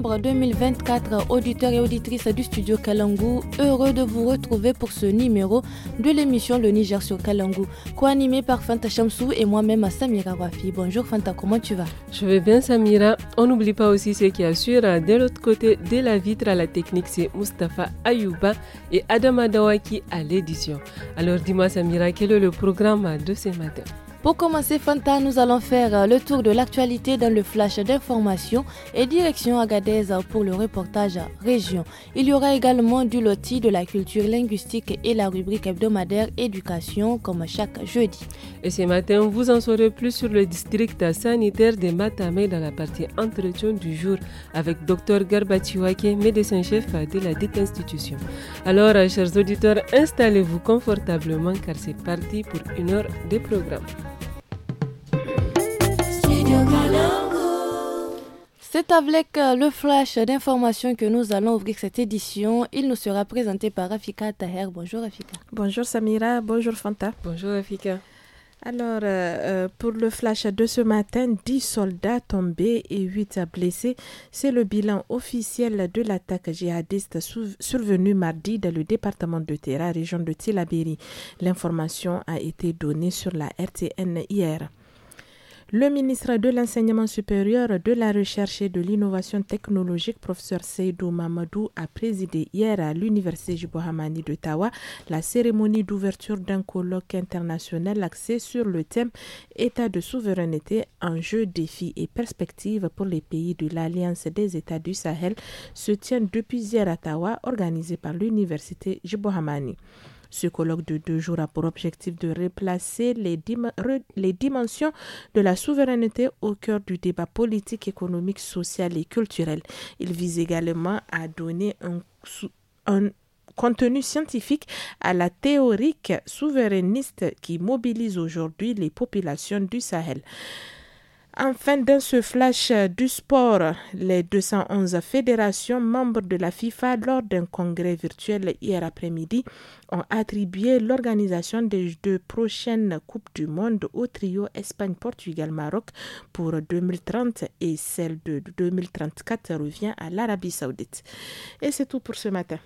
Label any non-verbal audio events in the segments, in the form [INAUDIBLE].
2024, auditeurs et auditrices du studio Kalangu, heureux de vous retrouver pour ce numéro de l'émission Le Niger sur Kalangu, co-animé par Fanta Chamsou et moi-même Samira Wafi. Bonjour Fanta, comment tu vas Je vais bien Samira. On n'oublie pas aussi ceux qui assurent euh, de l'autre côté de la vitre à la technique, c'est Mustapha Ayouba et Adam Adawaki à l'édition. Alors dis-moi Samira, quel est le programme de ce matin pour commencer, Fanta, nous allons faire euh, le tour de l'actualité dans le flash d'information et direction Agadez pour le reportage région. Il y aura également du loti de la culture linguistique et la rubrique hebdomadaire éducation comme chaque jeudi. Et ce matin, vous en saurez plus sur le district sanitaire des Matamé dans la partie entretien du jour avec Dr Garba médecin-chef de la dite institution. Alors, euh, chers auditeurs, installez-vous confortablement car c'est parti pour une heure de programme. C'est avec euh, le flash d'informations que nous allons ouvrir cette édition. Il nous sera présenté par Afika Taher. Bonjour Afika. Bonjour Samira, bonjour Fanta. Bonjour Afika. Alors, euh, euh, pour le flash de ce matin, 10 soldats tombés et 8 blessés. C'est le bilan officiel de l'attaque djihadiste survenue mardi dans le département de Terra, région de Tilabéry. L'information a été donnée sur la RTN hier. Le ministre de l'Enseignement supérieur, de la Recherche et de l'Innovation technologique, professeur Seydou Mamadou, a présidé hier à l'Université Jibohamani d'Ottawa la cérémonie d'ouverture d'un colloque international axé sur le thème État de souveraineté, enjeux, défis et perspectives pour les pays de l'Alliance des États du Sahel, se tient depuis hier à Ottawa, organisé par l'Université Jibohamani. Ce colloque de deux jours a pour objectif de replacer les, dimensions de la souveraineté au cœur du débat politique, économique, social et culturel. Il vise également à donner un, un contenu scientifique à la théorique souverainiste qui mobilise aujourd'hui les populations du Sahel. Enfin, dans ce flash du sport, les 211 fédérations membres de la FIFA, lors d'un congrès virtuel hier après-midi, ont attribué l'organisation des deux prochaines Coupes du Monde au trio Espagne-Portugal-Maroc pour 2030 et celle de 2034 revient à l'Arabie saoudite. Et c'est tout pour ce matin.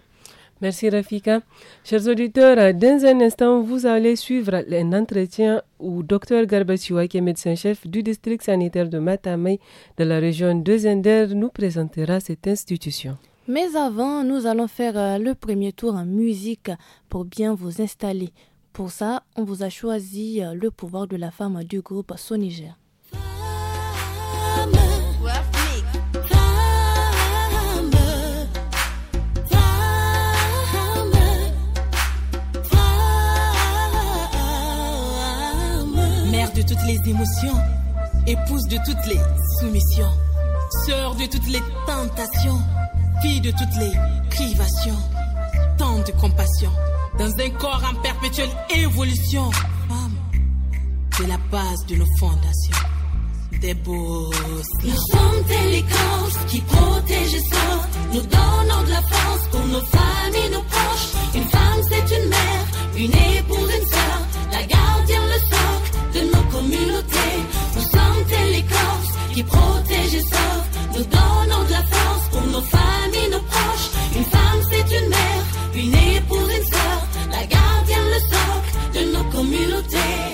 Merci Rafika. Chers auditeurs, dans un instant, vous allez suivre un entretien où Dr Garbet, qui est médecin-chef du district sanitaire de Matamei de la région de Zender, nous présentera cette institution. Mais avant, nous allons faire euh, le premier tour en musique pour bien vous installer. Pour ça, on vous a choisi euh, le pouvoir de la femme du groupe Soniger. toutes les émotions, épouse de toutes les soumissions, sœur de toutes les tentations, fille de toutes les privations, tant de compassion, dans un corps en perpétuelle évolution, femme de la base de nos fondations. Des beaux Nous sommes tes licornes qui protègent ça, Nous donnons de la force pour nos familles, nos proches. Une femme, c'est une mère, une épouse, une femme communauté. Nous sommes les qui protègent et sortent Nous donnons de la force pour nos familles, nos proches. Une femme, c'est une mère, une épouse, une sœur. La gardienne, le socle de nos communautés.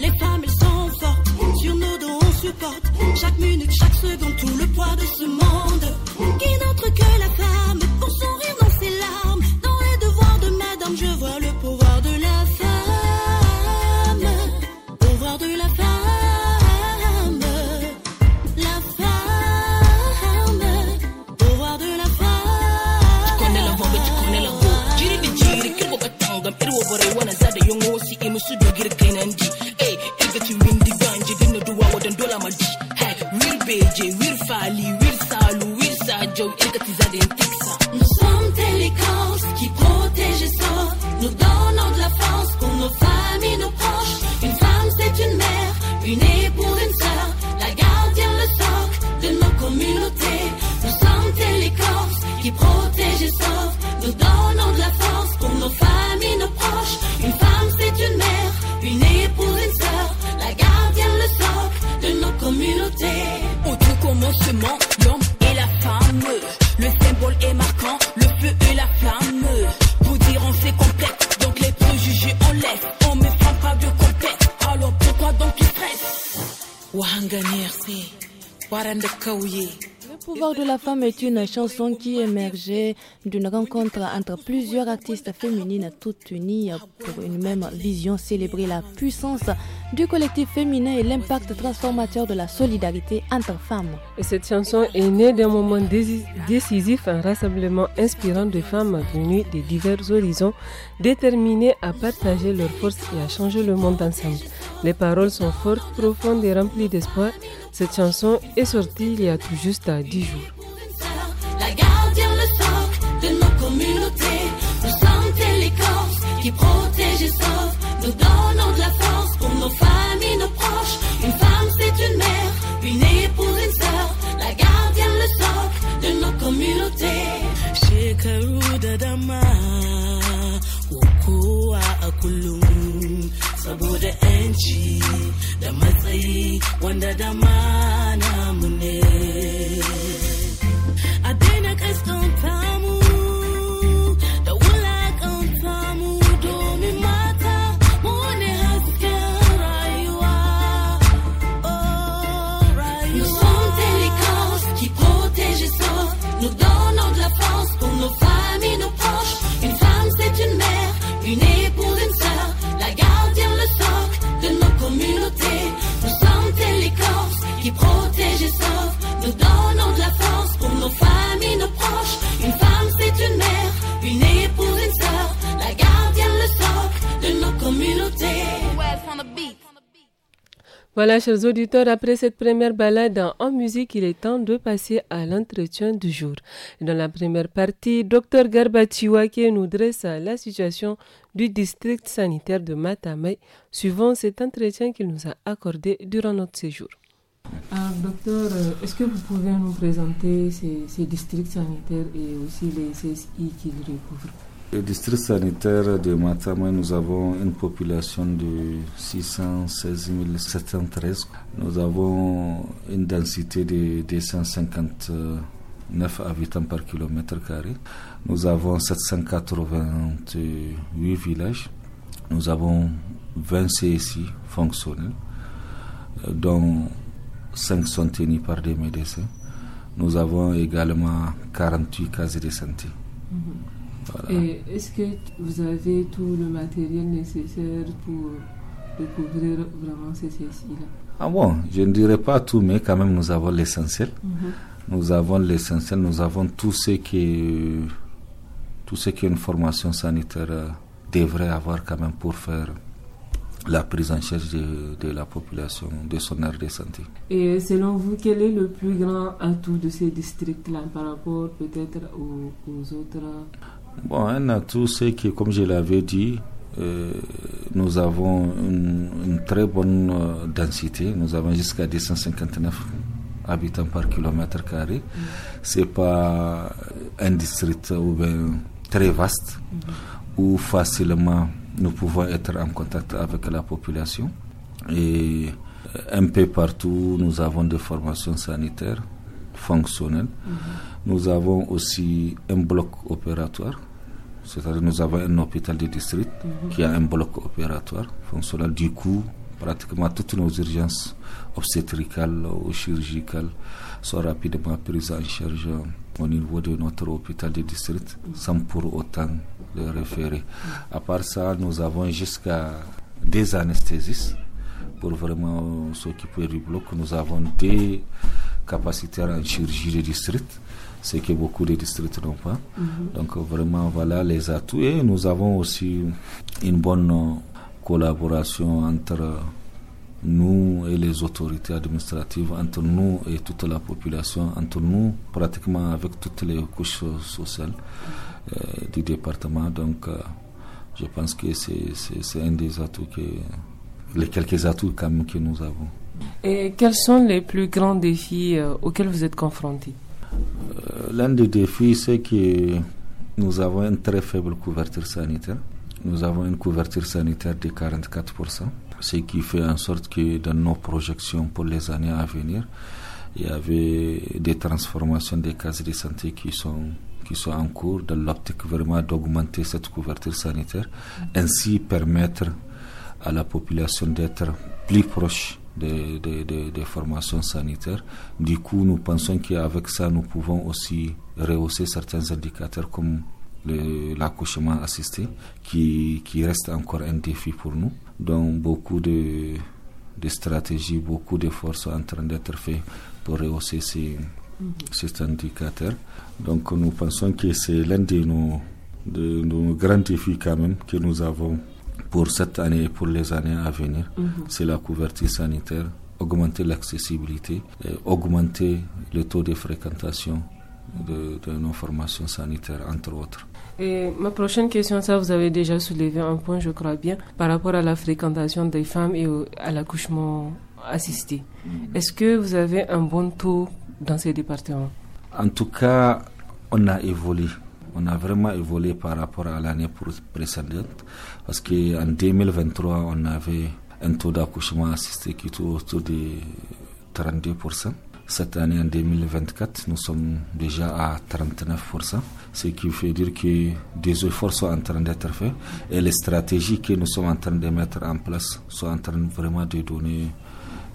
Les femmes, elles sont fortes. Sur nos dos, on supporte. Chaque minute, chaque seconde, tout le poids de ce monde. Le pouvoir de la femme est une chanson qui émergeait d'une rencontre entre plusieurs artistes féminines toutes unies pour une même vision, célébrer la puissance du collectif féminin et l'impact transformateur de la solidarité entre femmes. cette chanson est née d'un moment décisif, un rassemblement inspirant de femmes venues de divers horizons, déterminées à partager leurs forces et à changer le monde ensemble. Les paroles sont fortes, profondes et remplies d'espoir. Cette chanson est sortie il y a tout juste à 10 jours. qui nos femmes et nos proches. Une femme, c'est une mère, une épouse, une sœur, la gardienne, le socle de nos communautés. Shekaru da dama, kowa a kullum, saboda yanci da matsayi wanda dama namu ne. will find me. Voilà, chers auditeurs, après cette première balade en musique, il est temps de passer à l'entretien du jour. Dans la première partie, Dr Garba Chiwake nous dresse la situation du district sanitaire de Matamei, suivant cet entretien qu'il nous a accordé durant notre séjour. Ah, docteur, euh, est-ce que vous pouvez nous présenter ces, districts sanitaires et aussi les CSI qu'ils recouvrent le district sanitaire de Matamai, nous avons une population de 616 713. Nous avons une densité de 259 habitants par kilomètre carré. Nous avons 788 villages. Nous avons 20 CSI fonctionnels, dont 5 sont tenus par des médecins. Nous avons également 48 cases de santé. Mm-hmm. Et est-ce que vous avez tout le matériel nécessaire pour découvrir vraiment ces là Ah bon, je ne dirais pas tout, mais quand même nous avons l'essentiel. Mhm. Nous avons l'essentiel, nous avons tout ce qui tout ce qu'une formation sanitaire euh, devrait avoir quand même pour faire la prise en charge de, la population de son aire de santé. Et selon vous, quel est le plus grand atout de ces districts-là par rapport peut-être aux, autres Bon, un atout, c'est que, comme je l'avais dit, euh, nous avons une, très bonne euh, densité. Nous avons jusqu'à 259 habitants par kilomètre carré. C'est pas un district très vaste où facilement nous pouvons être en contact avec la population. Et euh, un peu partout, nous avons des formations sanitaires fonctionnelles. Nous avons aussi un bloc opératoire, c'est-à-dire nous avons un hôpital de district mhm. qui a un bloc opératoire fonctionnel. Du coup, pratiquement toutes nos urgences obstétricales ou chirurgicales sont rapidement prises en charge au niveau de notre hôpital de district sans pour autant le référer. À part ça, nous avons jusqu'à des anesthésistes pour vraiment s'occuper du bloc. Nous avons des capacités en chirurgie de district ce que beaucoup de districts n'ont pas. Mhm. Donc vraiment, voilà les atouts. Et nous avons aussi une bonne collaboration entre nous et les autorités administratives, entre nous et toute la population, entre nous pratiquement avec toutes les couches sociales euh, du département. Donc euh, je pense que c'est un des atouts que les quelques atouts quand même que nous avons. Et quels sont les plus grands défis euh, auxquels vous êtes confrontés euh, l'un des défis, c'est que nous avons une très faible couverture sanitaire. Nous avons une couverture sanitaire de 44%, ce qui fait en sorte que dans nos projections pour les années à venir, il y avait des transformations des cases de santé qui sont qui sont en cours dans l'optique vraiment d'augmenter cette couverture sanitaire, ainsi permettre à la population d'être plus proche des, formations sanitaires. Du coup, nous pensons qu'avec ça, nous pouvons aussi rehausser certains indicateurs comme l'accouchement assisté, qui, qui reste encore un défi pour nous. Donc, beaucoup de, de stratégies, beaucoup d'efforts sont en train d'être faits pour rehausser ces, ces cet indicateur. Donc, nous pensons que c'est l'un de nos, de nos grands défis quand même que nous avons pour cette année et pour les années à venir, mhm. c'est la couverture sanitaire, augmenter l'accessibilité, augmenter le taux de fréquentation de, nos formations sanitaires, entre autres. Et ma prochaine question, ça vous avez déjà soulevé un point, je crois bien, par rapport à la fréquentation des femmes et à l'accouchement assisté. Mhm. Est-ce que vous avez un bon taux dans ces départements En tout cas, on a évolué on a vraiment évolué par rapport à l'année précédente parce qu'en 2023, on avait un taux d'accouchement assisté qui était autour de 32%. Cette année, en 2024, nous sommes déjà à 39%, ce qui veut dire que des efforts sont en train d'être faits et les stratégies que nous sommes en train de mettre en place sont en train vraiment de donner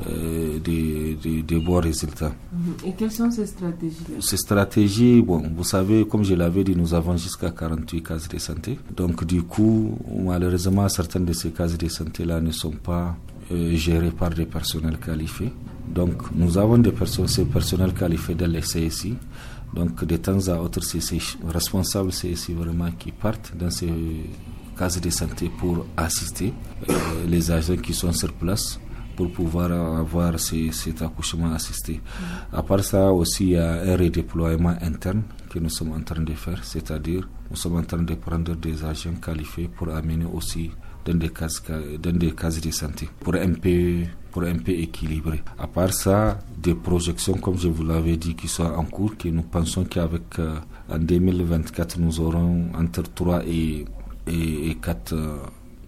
euh, des, bons résultats. Mhm. Et quelles sont ces stratégies Ces stratégies, bon, vous savez, comme je l'avais dit, nous avons jusqu'à 48 cases de santé. Donc, du coup, malheureusement, certaines de ces cases de santé-là ne sont pas euh, gérées par des personnels qualifiés. Donc, nous avons des personnes, ces personnels qualifiés dans les CSI. Donc, de temps à autre, c'est ces responsables CSI vraiment qui partent dans ces cases de santé pour assister euh, les agents qui sont sur place pour pouvoir avoir ces, cet accouchement assisté. À part ça aussi, il y a un redéploiement interne que nous sommes en train de faire, c'est-à-dire nous sommes en train de prendre des agents qualifiés pour amener aussi dans des cases, des de santé, pour un peu pour un peu équilibrer. À part ça, des projections, comme je vous l'avais dit, qui sont en cours, que nous pensons qu'avec euh, en 2024, nous aurons entre 3 et, et, et 4 euh,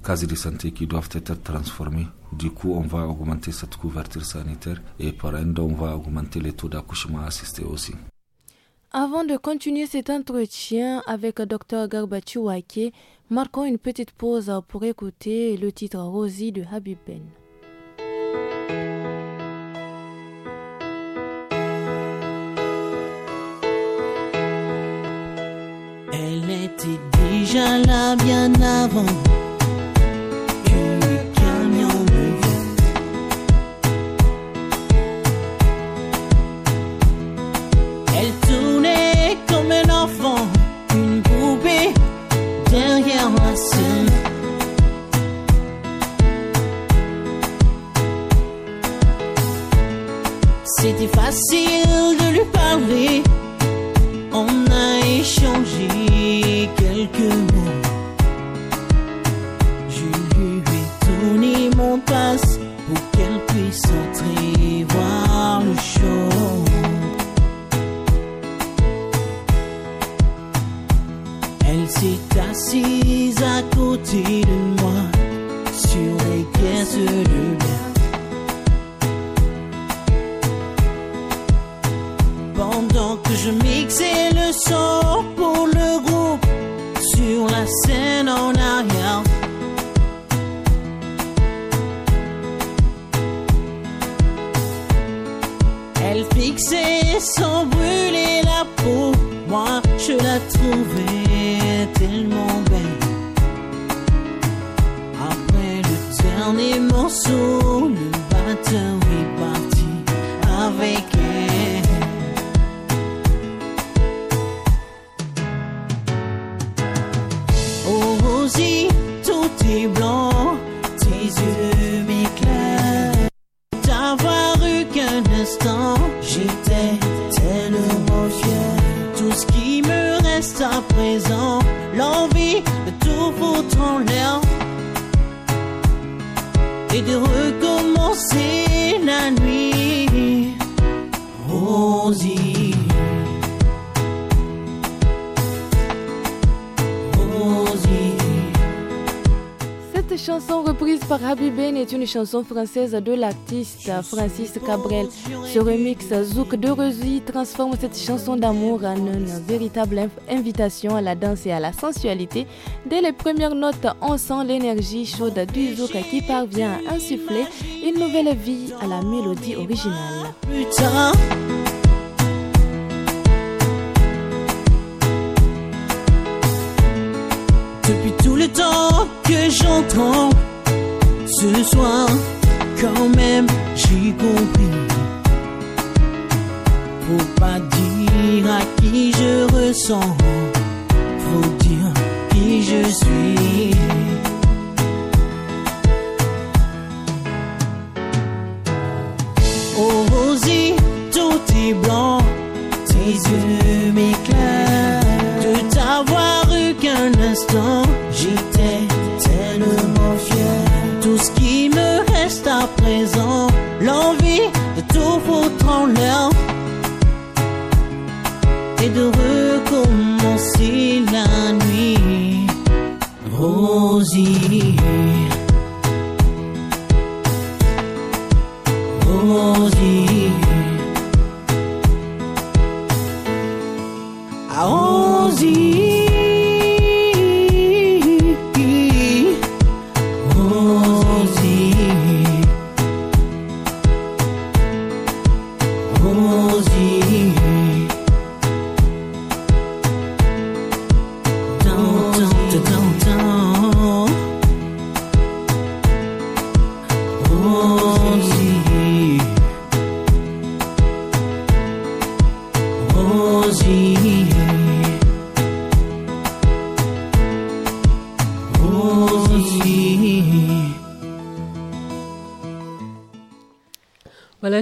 cases de santé qui doivent être transformées du coup, on va augmenter cette couverture sanitaire et par ende, on va augmenter les taux d'accouchement assisté aussi. Avant de continuer cet entretien avec Dr Garba Wake, marquons une petite pause pour écouter le titre Rosie de Habib Ben. Elle était déjà là bien avant de recommencer. chanson reprise par Ben est une chanson française de l'artiste Francis Cabrel. Ce remix Zouk de transforme cette chanson d'amour en une véritable invitation à la danse et à la sensualité. Dès les premières notes, on sent l'énergie chaude du Zouk qui parvient à insuffler une nouvelle vie à la mélodie originale. que j'entends ce soir, quand même j'y compris. Faut pas dire à qui je ressens, faut dire qui je suis. Oh Rosie, tout est blanc, tes yeux m'éclairent de t'avoir eu qu'un instant. autant l'heure et de recommencer la nuit. Rosie.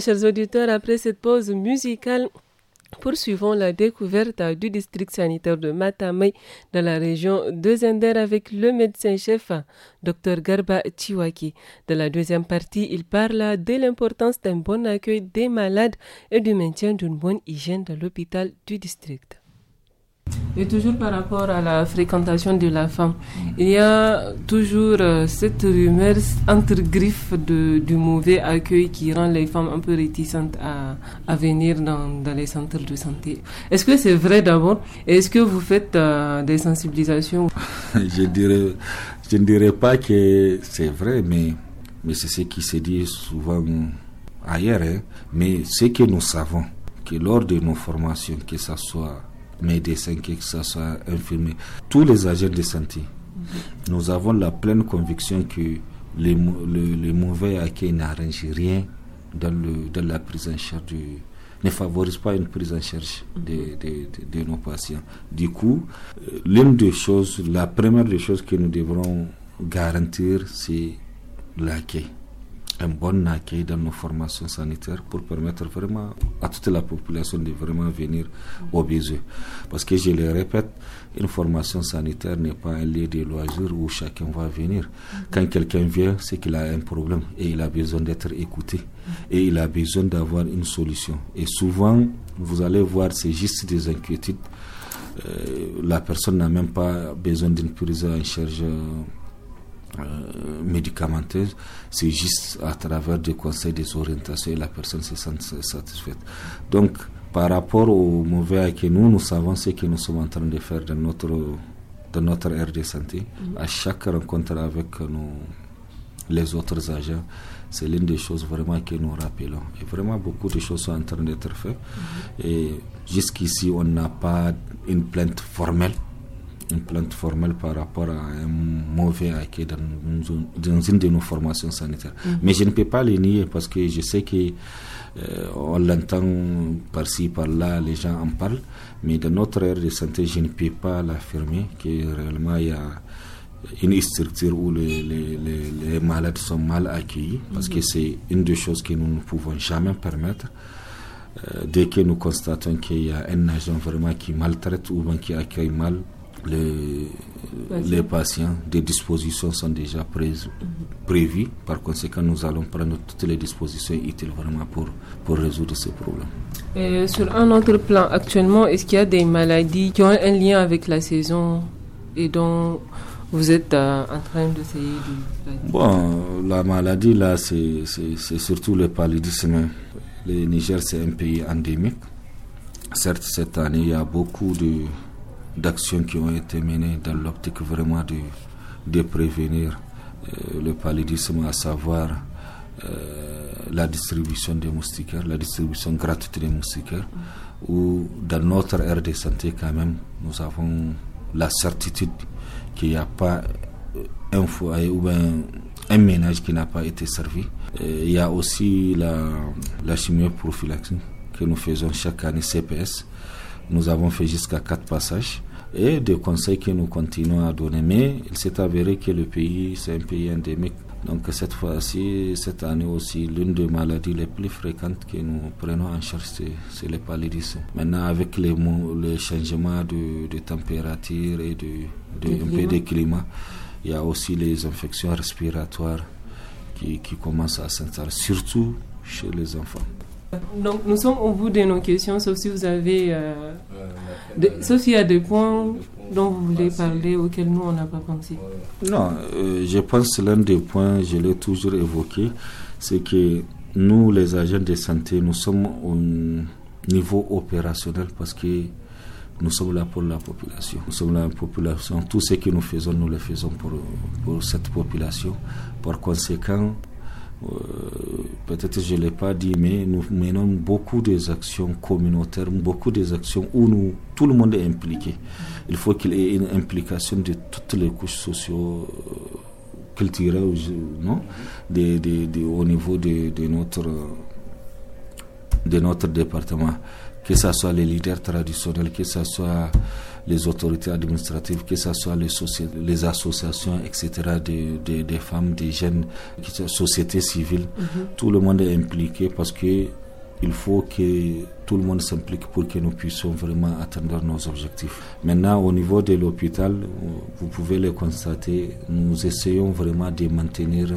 chers auditeurs, après cette pause musicale, Poursuivons la découverte du district sanitaire de Matamei dans la région de Zender avec le médecin-chef Dr Garba Chiwaki. Dans la deuxième partie, il parle de l'importance d'un bon accueil des malades et du maintien d'une bonne hygiène dans l'hôpital du district. Et toujours par rapport à la fréquentation de la femme, il y a toujours euh, cette rumeur entre griffes de, du mauvais accueil qui rend les femmes un peu réticentes à, à venir dans, les centres de santé. Est-ce que c'est vrai d'abord Est-ce que vous faites euh, des sensibilisations [LAUGHS] je, dirais, je ne dirais pas que c'est vrai, mais, mais c'est ce qui se dit souvent ailleurs. Hein. Mais ce que nous savons, que lors de nos formations, que ce soit médecins, que ça soit infirmé. tous les agents de santé. Nous avons la pleine conviction que les, le, mauvais acquis n'arrange rien dans, le, dans la prise en charge ne favorise pas une prise en charge de, nos patients. Du coup, euh, l'une des choses, la première des choses que nous devrons garantir, c'est l'acquis un bon accueil dans nos formations sanitaires pour permettre vraiment à toute la population de vraiment venir au besoin. Parce que je le répète, une formation sanitaire n'est pas un lieu de loisirs où chacun va venir. Quand quelqu'un vient, c'est qu'il a un problème et il a besoin d'être écouté et il a besoin d'avoir une solution. Et souvent, vous allez voir, c'est juste des inquiétudes. Euh, la personne n'a même pas besoin d'une prise en charge. Euh, médicamenteuse, c'est juste à travers des conseils, des orientations et la personne se sent satisfaite. Donc, par rapport au mauvais que nous, nous savons ce que nous sommes en train de faire dans notre, dans notre aire de santé. Mhm. À chaque rencontre avec nous les autres agents, c'est l'une des choses vraiment que nous rappelons. Et vraiment, beaucoup de choses sont en train d'être faites. Mhm. Et jusqu'ici, on n'a pas une plainte formelle une plainte formelle par rapport à un mauvais accueil dans une, dans une de nos formations sanitaires. Mm. Mais je ne peux pas les nier parce que je sais que euh, on l'entend par-ci, par-là, les gens en parlent. Mais dans notre ère de santé, je ne peux pas l'affirmer que réellement il y a une structure où les, malades sont mal accueillis parce que mm. c'est une des choses que nous ne pouvons jamais permettre. Euh, dès que nous constatons qu'il y a un agent vraiment qui maltraite ou qui accueille mal les, les patients, des dispositions sont déjà prises, mhm. prévues. Par conséquent, nous allons prendre toutes les dispositions utiles vraiment pour, pour résoudre ces problèmes. sur un autre plan, actuellement, est-ce qu'il y a des maladies qui ont un lien avec la saison et dont vous êtes euh, en train d'essayer de... Bon, la maladie, là, c'est surtout le paludisme. Le Niger, c'est un pays endémique. Certes, cette année, il y a beaucoup de d'actions qui ont été menées dans l'optique vraiment de, de prévenir euh, le paludisme, à savoir euh, la distribution des moustiquaires, la distribution gratuite des moustiquaires, ou dans notre ère de santé quand même, nous avons la certitude qu'il n'y a pas euh, un foyer ou un, ménage qui n'a pas été servi. il y a aussi la, la chimioprophylaxie que nous faisons chaque année CPS. Nous avons fait jusqu'à quatre passages et des conseils que nous continuons à donner. Mais il s'est avéré que le pays, c'est un pays endémique. Donc cette fois-ci, cette année aussi, l'une des maladies les plus fréquentes que nous prenons en charge, c'est le paludisme. Maintenant, avec les, les changements de, température et de, de un peu de climat, il y a aussi les infections respiratoires qui, qui commencent à s'installer, surtout chez les enfants. Donc nous sommes au bout de nos questions, sauf si vous avez, euh, euh sauf s'il y a des points dont vous voulez parler auxquels nous on n'a pas pensé. Non, euh, je pense que l'un des points, je l'ai toujours évoqué, c'est que nous les agents de santé, nous sommes au niveau opérationnel parce que nous sommes là pour la population. Nous sommes là la population. Tout ce que nous faisons, nous le faisons pour, pour cette population. Par conséquent, euh, peut-être je ne l'ai pas dit, mais nous menons beaucoup des actions communautaires, beaucoup des actions où nous, tout le monde est impliqué. Il faut qu'il y ait une implication de toutes les couches sociales, culturelles, non Des, au niveau de, notre, de notre département, que ce soit les leaders traditionnels, que ce soit les autorités administratives, que ce soit les, les associations, etc., des, femmes, des jeunes, société civile. Mhm. Tout le monde est impliqué parce que il faut que tout le monde s'implique pour que nous puissions vraiment atteindre nos objectifs. Maintenant, au niveau de l'hôpital, vous pouvez le constater, nous essayons vraiment de maintenir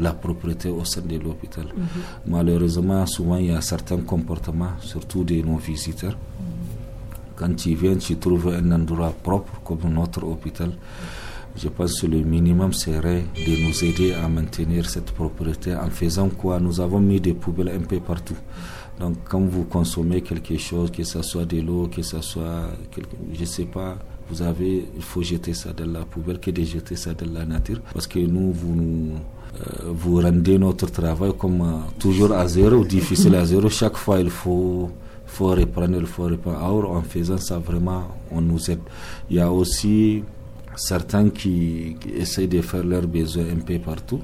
la propriété au sein de l'hôpital. Mhm. Malheureusement, souvent, il y a certains comportements, surtout de nos visiteurs. Mhm. Quand tu viens, tu trouves un endroit propre comme notre hôpital. Je pense que le minimum serait de nous aider à maintenir cette propriété en faisant quoi Nous avons mis des poubelles un peu partout. Donc quand vous consommez quelque chose, que ce soit de l'eau, que ce soit, je ne sais pas, vous avez, il faut jeter ça dans la poubelle que de jeter ça dans la nature. Parce que nous, vous euh, vous rendez notre travail comme euh, toujours à zéro, difficile à zéro. Chaque fois, il faut faut reprendre, il faut reprendre. en faisant ça, vraiment, on nous aide. Il y a aussi certains qui, essayent de faire leurs besoins un peu partout.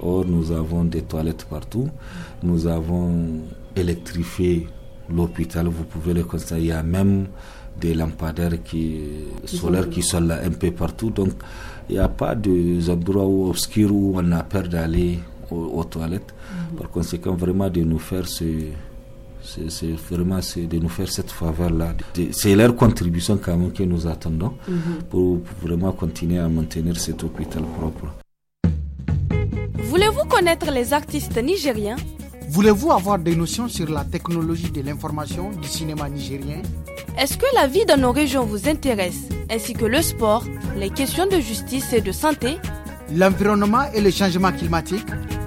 Or, nous avons des toilettes partout. Nous avons électrifié l'hôpital. Vous pouvez le constater. Il y a même des lampadaires qui, solaires qui sont là un peu partout. Donc, il n'y a pas d'endroit endroits où on a peur d'aller aux, toilettes. Par conséquent, vraiment de nous faire ce c'est vraiment de nous faire cette faveur-là. C'est leur contribution que nous attendons pour, mhm. pour vraiment continuer à maintenir cet hôpital propre. Voulez-vous connaître les artistes nigériens Voulez-vous avoir des notions sur la technologie de l'information du cinéma nigérien Est-ce que la vie dans nos régions vous intéresse, ainsi que le sport, les questions de justice et de santé L'environnement et le changement climatique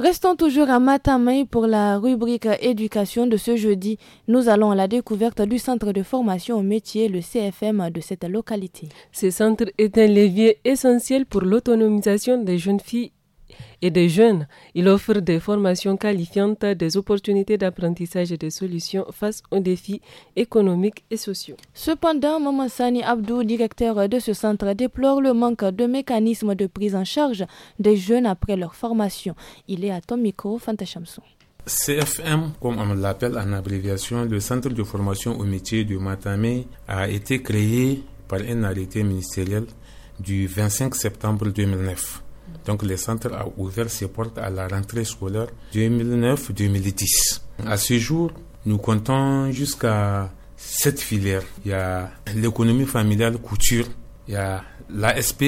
Restons toujours à Matamei pour la rubrique éducation de ce jeudi. Nous allons à la découverte du centre de formation au métier, le CFM de cette localité. Ce centre est un levier essentiel pour l'autonomisation des jeunes filles et des jeunes. Il offre des formations qualifiantes, des opportunités d'apprentissage et des solutions face aux défis économiques et sociaux. Cependant, Maman Sani Abdou, directeur de ce centre, déplore le manque de mécanismes de prise en charge des jeunes après leur formation. Il est à ton micro, Fanta CFM, comme on l'appelle en abréviation, le Centre de formation au métier du Matamé, a été créé par un arrêté ministériel du 25 septembre 2009. Donc le centre a ouvert ses portes à la rentrée scolaire 2009-2010. À ce jour, nous comptons jusqu'à sept filières. Il y a l'économie familiale couture, il y a l'ASP,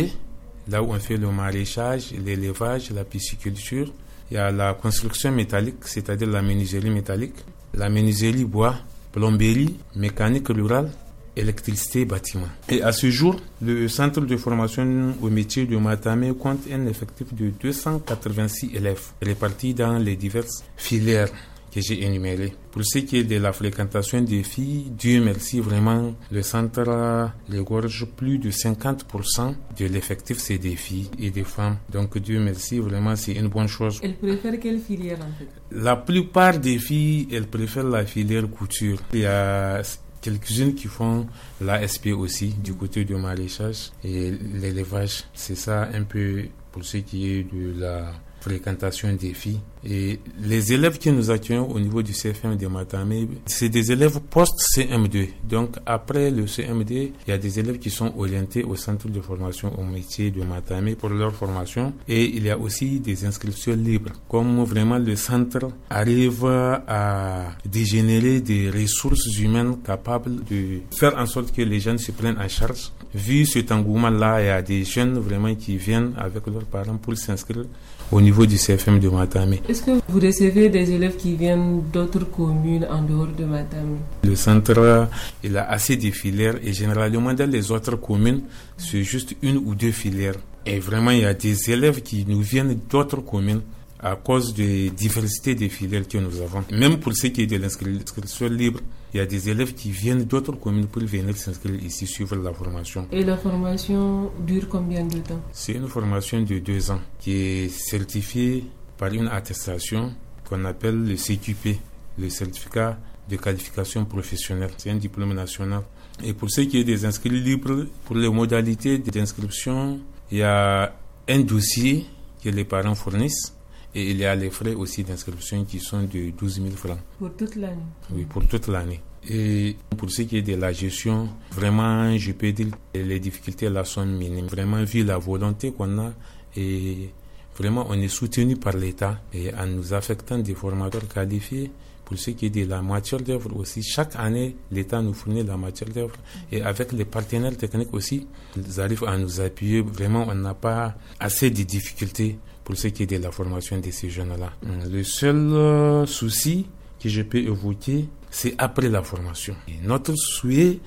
là où on fait le maraîchage, l'élevage, la pisciculture. Il y a la construction métallique, c'est-à-dire la menuiserie métallique, la menuiserie bois, plomberie, mécanique rurale, électricité bâtiment. Et à ce jour, le centre de formation au métier de Matame compte un effectif de 286 élèves répartis dans les diverses filières que j'ai énumérées. Pour ce qui est de la fréquentation des filles, Dieu merci vraiment, le centre gorge plus de 50% de l'effectif, c'est des filles et des femmes. Donc Dieu merci vraiment, c'est une bonne chose. Elles préfèrent quelle filière en fait La plupart des filles, elles préfèrent la filière couture. Il y a quelques-unes qui font l'ASP aussi du côté du maraîchage et l'élevage. C'est ça un peu pour ce qui est de la fréquentation des filles. Et les élèves qui nous accueillons au niveau du CFM de Matamé, c'est des élèves post-CM2. Donc après le CM2, il y a des élèves qui sont orientés au centre de formation au métier de Matamé pour leur formation. Et il y a aussi des inscriptions libres. Comme vraiment le centre arrive à dégénérer des ressources humaines capables de faire en sorte que les jeunes se prennent en charge. Vu cet engouement-là, il y a des jeunes vraiment qui viennent avec leurs parents pour s'inscrire au niveau du CFM de Matamé. Est-ce que vous recevez des élèves qui viennent d'autres communes en dehors de Matamé Le centre, il a assez de filières et généralement dans les autres communes, c'est juste une ou deux filières. Et vraiment, il y a des élèves qui nous viennent d'autres communes à cause des diversité des filières que nous avons. Même pour ceux qui est de l'inscription libre, il y a des élèves qui viennent d'autres communes pour venir s'inscrire ici, suivre la formation. Et la formation dure combien de temps C'est une formation de deux ans qui est certifiée par une attestation qu'on appelle le CQP, le certificat de qualification professionnelle. C'est un diplôme national. Et pour ceux qui est des inscrits libres, pour les modalités d'inscription, il y a un dossier que les parents fournissent et il y a les frais aussi d'inscription qui sont de 12 000 francs. Pour toute l'année Oui, pour toute l'année. Et pour ce qui est de la gestion, vraiment, je peux dire que les difficultés là sont minimes. Vraiment, vu la volonté qu'on a et vraiment, on est soutenu par l'État et en nous affectant des formateurs qualifiés. Pour ce qui est de la matière d'œuvre aussi, chaque année, l'État nous fournit la matière d'œuvre et avec les partenaires techniques aussi, ils arrivent à nous appuyer. Vraiment, on n'a pas assez de difficultés pour ce qui est de la formation de ces jeunes-là. Euh, le seul euh, souci que je peux évoquer, c'est après la formation. notre souhait,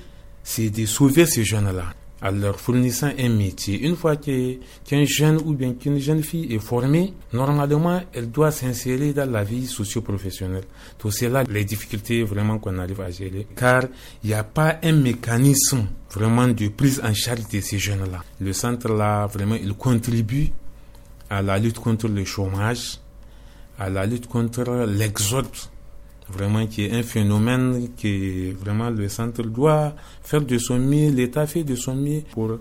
c'est de sauver ces jeunes-là en leur fournissant un métier. Une fois qu'un jeune ou bien qu'une jeune fille est formée, normalement, elle doit s'insérer dans la vie socio-professionnelle. Tout c'est là les difficultés vraiment qu'on arrive à gérer, car il n'y a pas un mécanisme vraiment de prise en charge de ces jeunes-là. Le centre-là, vraiment, il contribue à la lutte contre le chômage, à la lutte contre l'exode, vraiment qui est un phénomène que vraiment le centre doit faire de son mieux, l'État fait de son mieux pour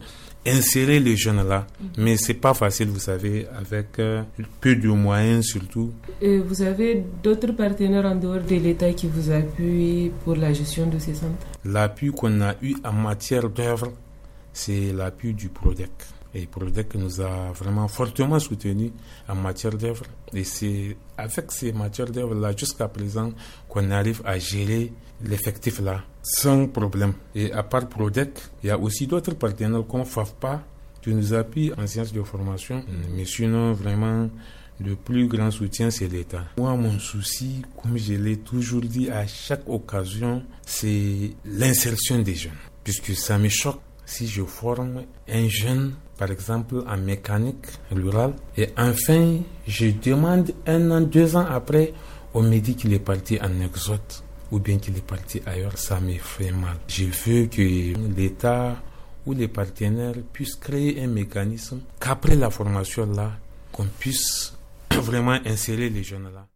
insérer les jeunes là. Mm-hmm. Mais c'est pas facile, vous savez, avec euh, peu de moyens surtout. Et vous avez d'autres partenaires en dehors de l'État qui vous appuient pour la gestion de ces centres L'appui qu'on a eu en matière d'œuvre, c'est l'appui du PRODEC. Et Prodec nous a vraiment fortement soutenus en matière d'œuvre Et c'est avec ces matières d'œuvre là jusqu'à présent, qu'on arrive à gérer l'effectif-là sans problème. Et à part Prodec, il y a aussi d'autres partenaires comme FAFPA qui nous appuient en sciences de formation. Mais sinon, vraiment, le plus grand soutien, c'est l'État. Moi, mon souci, comme je l'ai toujours dit à chaque occasion, c'est l'insertion des jeunes. Puisque ça me choque si je forme un jeune par exemple en mécanique rurale. Et enfin, je demande un an, deux ans après, on me dit qu'il est parti en exode ou bien qu'il est parti ailleurs, ça me fait mal. Je veux que l'État ou les partenaires puissent créer un mécanisme qu'après la formation là, qu'on puisse [CLEARS THROAT] vraiment insérer les jeunes là.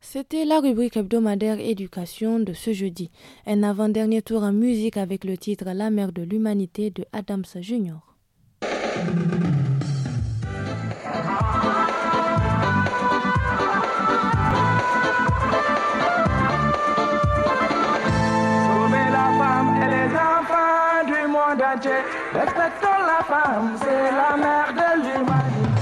C'était la rubrique hebdomadaire éducation de ce jeudi. Un avant-dernier tour en musique avec le titre La mère de l'humanité de Adams Junior. Sauvez la femme et les enfants du monde entier. Respectons la femme, c'est la mère de l'humanité.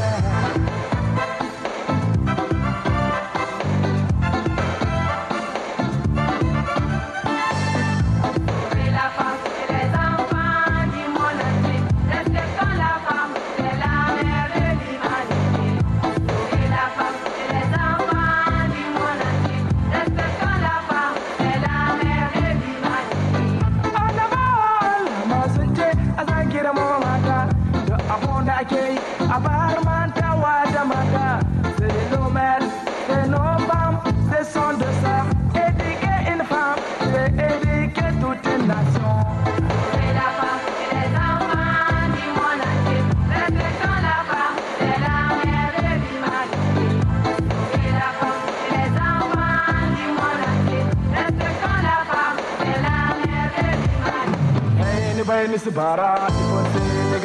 miss a bara Oh,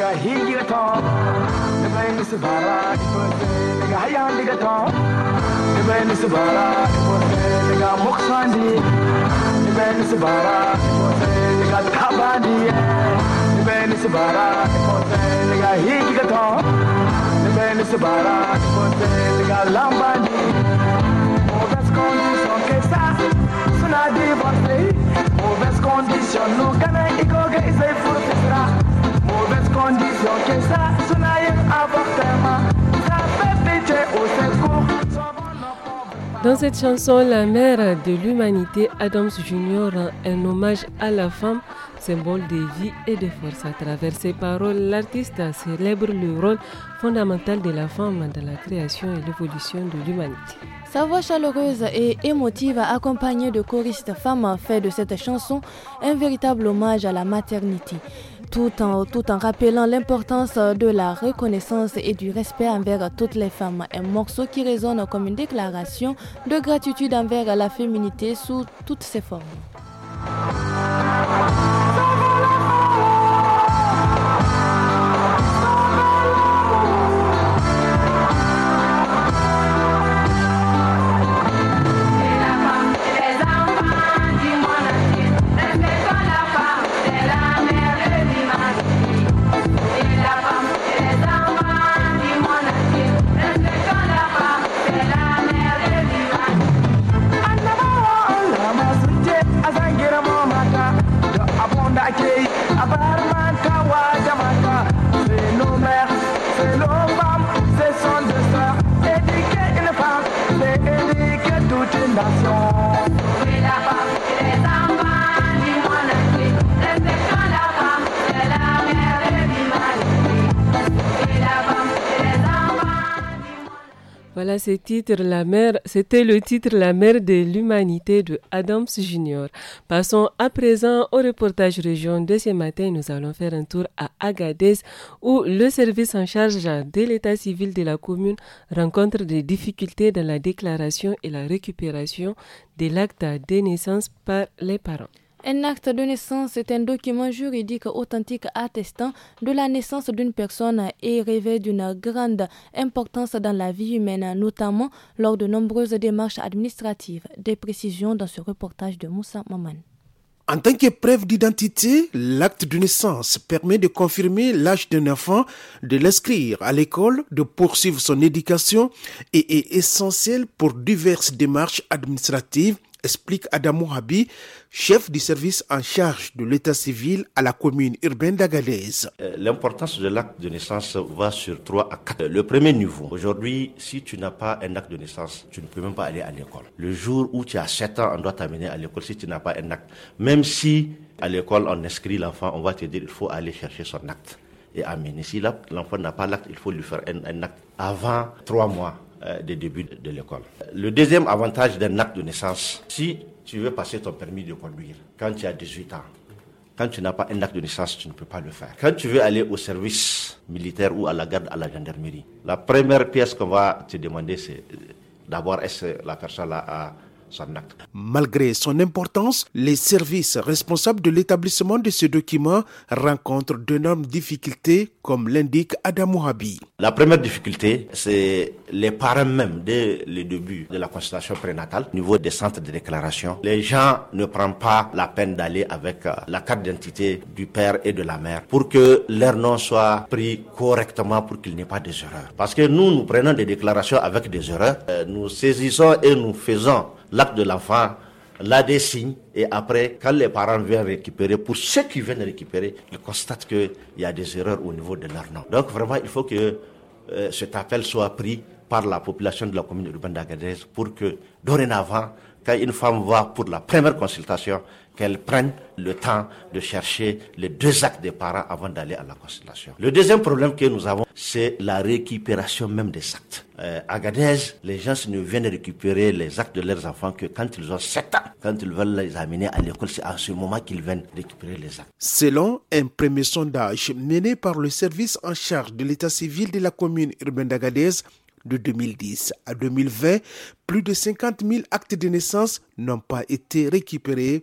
that's going to be some case that's not the birthday. Mauvaise condition, nous gana ikoga isai furtisra. Mauvaise condition, que ça, sonaye appartement. Ça fait pitié au sexe. Dans cette chanson, la mère de l'humanité, Adams Junior, rend un hommage à la femme, symbole de vie et de force. À travers ses paroles, l'artiste célèbre le rôle fondamental de la femme dans la création et l'évolution de l'humanité. Sa voix chaleureuse et émotive, accompagnée de choristes femmes, fait de cette chanson un véritable hommage à la maternité tout en, tout en rappelant l'importance euh, de la reconnaissance et du respect envers toutes les femmes. Un morceau qui résonne comme une déclaration de gratitude envers la féminité sous toutes ses formes. c'était le titre La mère de l'humanité de Adams Jr. Passons à présent au reportage région de ce matin. Nous allons faire un tour à Agadez où le service en charge de l'état civil de la commune rencontre des difficultés dans la déclaration et la récupération de l'acte de naissance par les parents. Un acte de naissance est un document juridique authentique attestant de la naissance d'une personne et revêt d'une grande importance dans la vie humaine, notamment lors de nombreuses démarches administratives. Des précisions dans ce reportage de Moussa Maman. En tant que preuve d'identité, l'acte de naissance permet de confirmer l'âge d'un enfant, de l'inscrire à l'école, de poursuivre son éducation et est essentiel pour diverses démarches administratives explique Adam Habi, chef du service en charge de l'état civil à la commune urbaine d'Agadez. Euh, l'importance de l'acte de naissance va sur trois à quatre. Le premier niveau, aujourd'hui, si tu n'as pas un acte de naissance, tu ne peux même pas aller à l'école. Le jour où tu as 7 ans, on doit t'amener à l'école si tu n'as pas un acte. Même si à l'école on inscrit l'enfant, on va te dire il faut aller chercher son acte et amener. Si l'enfant n'a pas l'acte, il faut lui faire un, un acte avant 3 mois euh, des débuts de l'école. Le deuxième avantage d'un acte de naissance, si tu veux passer ton permis de conduire quand tu as 18 ans, quand tu n'as pas un acte de naissance, tu ne peux pas le faire. Quand tu veux aller au service militaire ou à la garde, à la gendarmerie, la première pièce qu'on va te demander, c'est euh, d'abord est-ce la personne a Malgré son importance, les services responsables de l'établissement de ce document rencontrent d'énormes difficultés, comme l'indique Adam Mouhabi. La première difficulté, c'est les parents même, dès le début de la consultation prénatale, au niveau des centres de déclaration. Les gens ne prennent pas la peine d'aller avec euh, la carte d'identité du père et de la mère pour que leur nom soit pris correctement pour qu'il n'y ait pas des Parce que nous, nous prenons des déclarations avec des erreurs, euh, nous saisissons et nous faisons l'acte de l'enfant, l'a des et après, quand les parents viennent récupérer, pour ceux qui viennent récupérer, ils constatent qu'il y a des erreurs au niveau de leur nom. Donc vraiment, il faut que euh, cet appel soit pris par la population de la commune urbaine d'Agadez pour que, dorénavant, quand une femme va pour la première consultation, qu'elles prennent le temps de chercher les deux actes des parents avant d'aller à la constellation. Le deuxième problème que nous avons, c'est la récupération même des actes. Euh, à Gadez, les gens ne viennent récupérer les actes de leurs enfants que quand ils ont 7 ans. Quand ils veulent les amener à l'école, c'est à ce moment qu'ils viennent récupérer les actes. Selon un premier sondage mené par le service en charge de l'état civil de la commune urbaine d'Agadez, de 2010 à 2020, plus de 50 000 actes de naissance n'ont pas été récupérés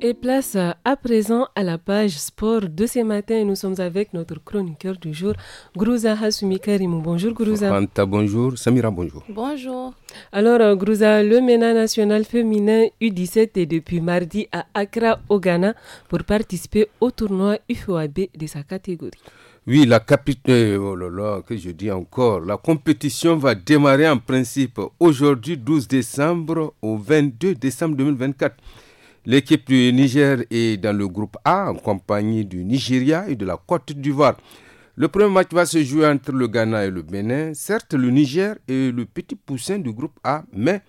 Et place à présent à la page sport de ce matin nous sommes avec notre chroniqueur du jour, Grouza Hasumi Bonjour Grouza. Panta, bonjour. Samira, bonjour. Bonjour. Alors euh, Grouza, le MENA national féminin U17 est depuis mardi à Accra au Ghana pour participer au tournoi UFOAB de sa catégorie. Oui, la capitale, euh, oh là là, que je dis encore, la compétition va démarrer en principe aujourd'hui 12 décembre au 22 décembre 2024. L'équipe du Niger est dans le groupe A en compagnie du Nigeria et de la Côte d'Ivoire. Le premier match va se jouer entre le Ghana et le Bénin. Certes, le Niger est le petit poussin du groupe A, mais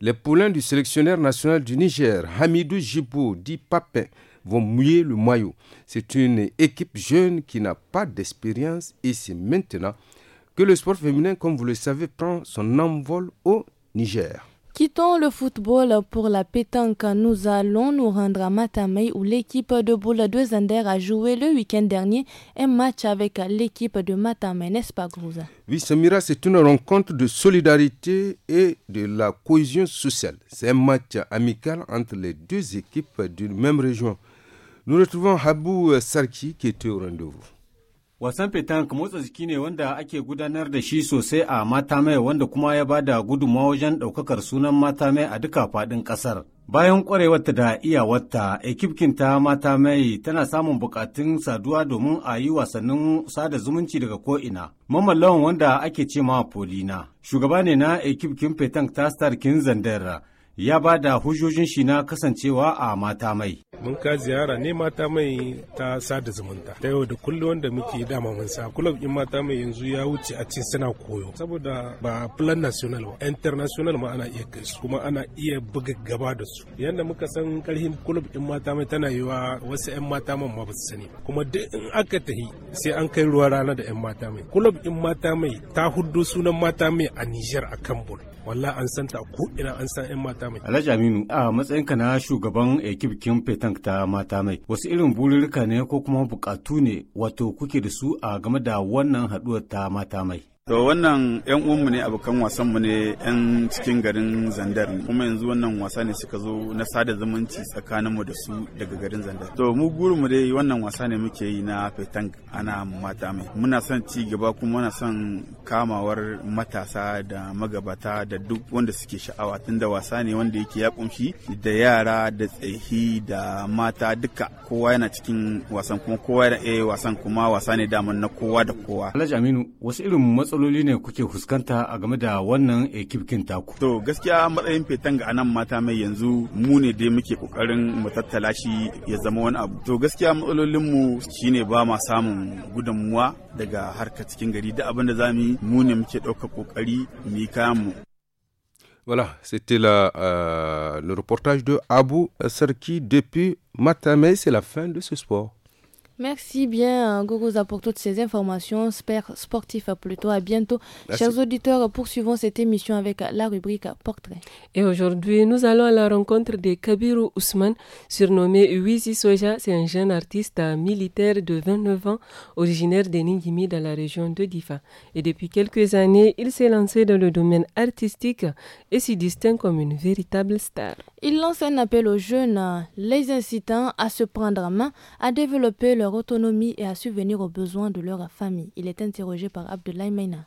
les poulains du sélectionneur national du Niger, Hamidou Jibo, dit Papin, vont mouiller le maillot. C'est une équipe jeune qui n'a pas d'expérience et c'est maintenant que le sport féminin, comme vous le savez, prend son envol au Niger. Quittons le football pour la pétanque. Nous allons nous rendre à Matamei où l'équipe de boule de a joué le week-end dernier un match avec l'équipe de Matamei, n'est-ce pas, Grouza Oui, Samira, c'est une rencontre de solidarité et de la cohésion sociale. C'est un match amical entre les deux équipes d'une même région. Nous retrouvons Habou Sarki qui était au rendez-vous. Wasan fetank motsa jiki ne wanda ake gudanar da shi sosai a mata mai wanda kuma ya ba da gudunmawa wajen ɗaukakar sunan mata mai a duka faɗin ƙasar. Bayan ƙwarewarta da iyawarta, ekipkinta mata mai tana samun buƙatun saduwa domin a yi wasannin sada zumunci daga ko'ina. Mamallon wanda ake ce ma Polina, shugaba ne na ekipkin fetank ta Star King Zandera, ya ba da hujjojin shi na kasancewa a mata mai. Mun ka ziyara ne mata mai ta sada zumunta ta yau da kullum wanda muke dama mun sa kulab in mata mai yanzu ya wuce a cikin suna koyo saboda ba plan national ba international ma ana iya kai kuma ana iya buga gaba da su yanda muka san karhin kulab din mata mai tana yiwa wasu yan mata man ma ba su sani kuma duk in aka tahi sai an kai ruwa rana da yan mata mai kulab din mata mai ta huddo sunan mata mai a Niger a Kambul walla an san ta ko ina an san yan mata mai alhaji aminu a matsayin ka na shugaban ekip kin fetank ta mata mai wasu irin bururuka ne ko kuma bukatu ne wato kuke da su a game da wannan haduwar ta mata mai To wannan 'yan uwanmu ne abokan mu ne 'yan cikin garin Zandar kuma yanzu wannan wasa ne suka zo na sada zumunci tsakaninmu da su daga garin Zandar. To mu mu dai wannan wasa ne muke yi na fetank ana mata mai. Muna son ci gaba kuma muna son kamawar matasa da magabata da duk wanda suke sha'awa tunda wasa ne wanda yake ya kunshi da yara da tsehi da mata duka kowa yana cikin wasan kuma kowa yana eh, wasan kuma wasa ne daman na kowa da kowa. Alhaji Aminu wasu irin matsaloli matsaloli ne kuke fuskanta a game da wannan ekipkin taku? To gaskiya matsayin fetan ga anan mata mai yanzu mu ne dai muke kokarin mu tattala shi ya zama wani abu. To gaskiya matsalolin mu shine ba ma samun gudunmuwa daga harka cikin gari da abin da zamu mu ne muke ɗaukar kokari mu yi kayan mu. Voilà, c'était euh, le reportage de abu Sarki depuis Matamei. C'est la fin de ce sport. Merci bien, euh, Gourouza pour toutes ces informations sportives sportif À bientôt. Chers auditeurs, poursuivons cette émission avec la rubrique Portrait. Et aujourd'hui, nous allons à la rencontre de Kabiru Ousmane, surnommé Uizi Soja. C'est un jeune artiste militaire de 29 ans, originaire de Ningimi dans la région de Difa. Et depuis quelques années, il s'est lancé dans le domaine artistique et s'y distingue comme une véritable star. Il lance un appel aux jeunes, les incitant à se prendre en main, à développer leur autonomie et à subvenir aux besoins de leur famille. Il est interrogé par Abdoulaye Maina.